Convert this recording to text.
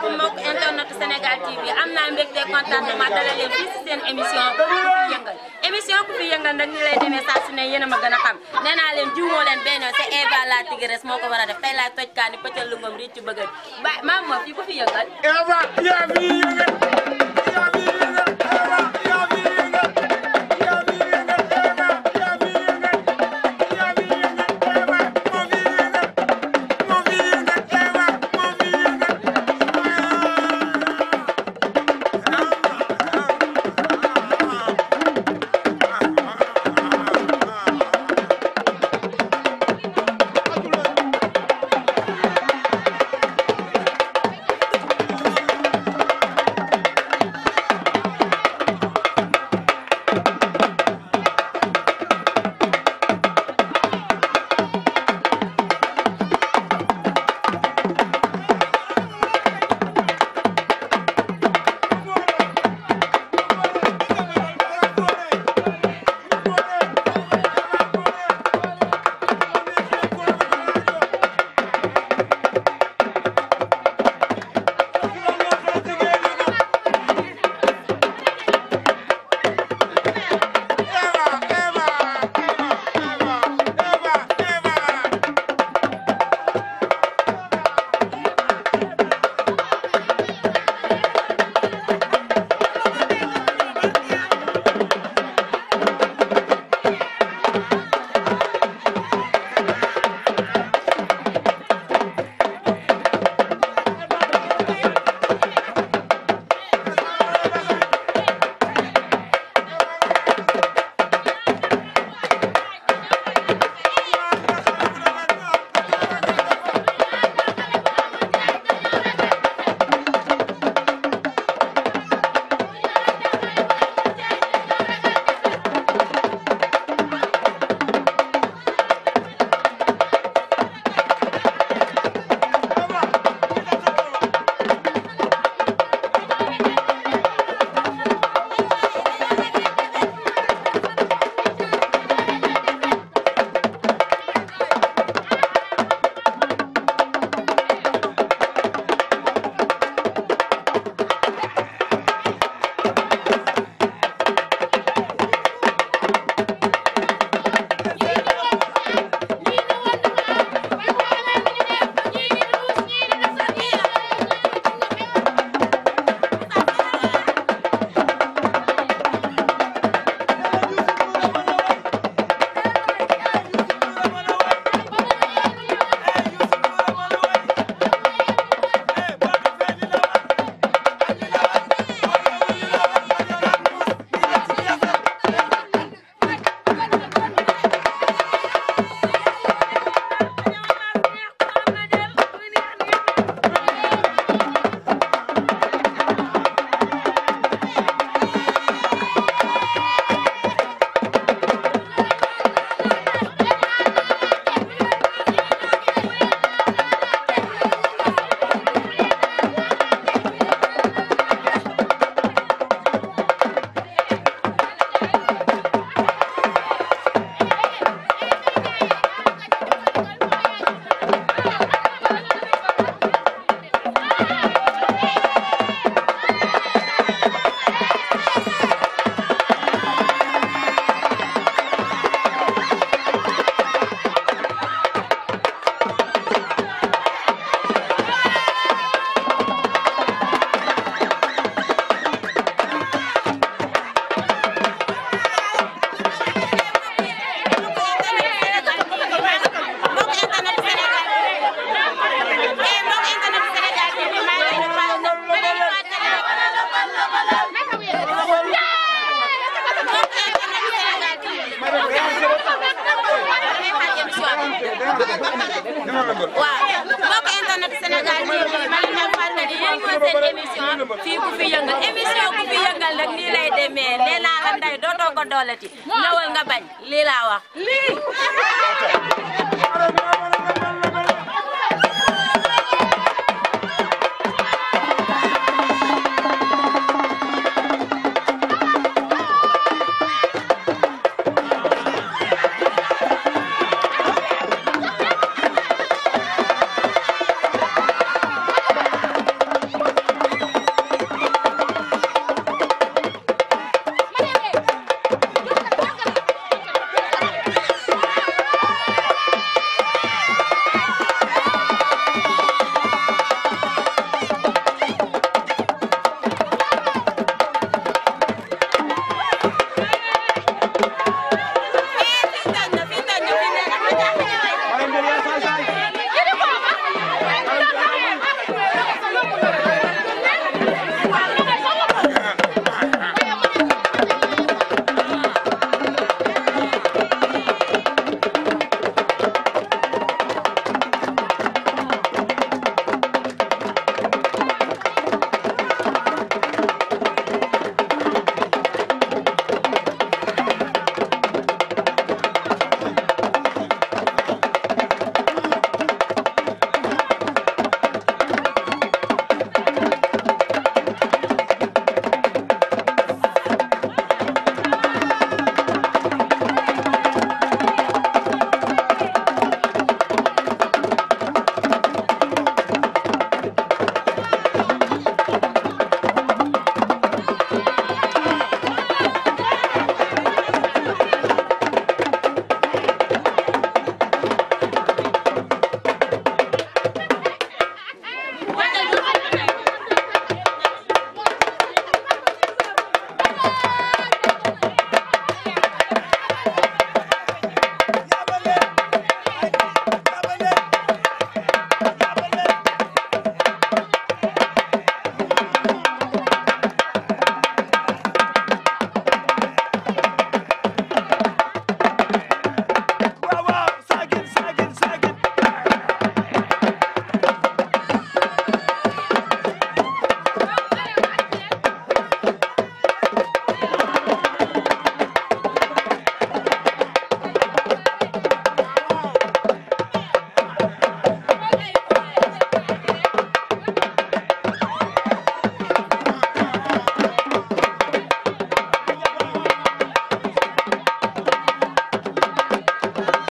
salaamaaleykum mbokk internet Sénégal TV am naa mbégte contentement dalal leen fii si seen émission ku fi yëngal émission ku fi yëngal nag ñu lay demee saa su ne a ma gën a xam nee naa leen jiwoo leen benn yoon te Eva la tigresse moo ko war a def tey laay toj kaani pëccal lu ngom ri ci bëgg ba maam ma fii ku fi yëngal Eva yaa fi waaw mbokk internet Sénégal TV Malick Ndiaye Fall la di yéen mooy seen émission fii ku fi yëngal émission ku fi yëngal nag nii lay demee nee naa la nday dootoo ko doolati ñëwal nga bañ lii wa wax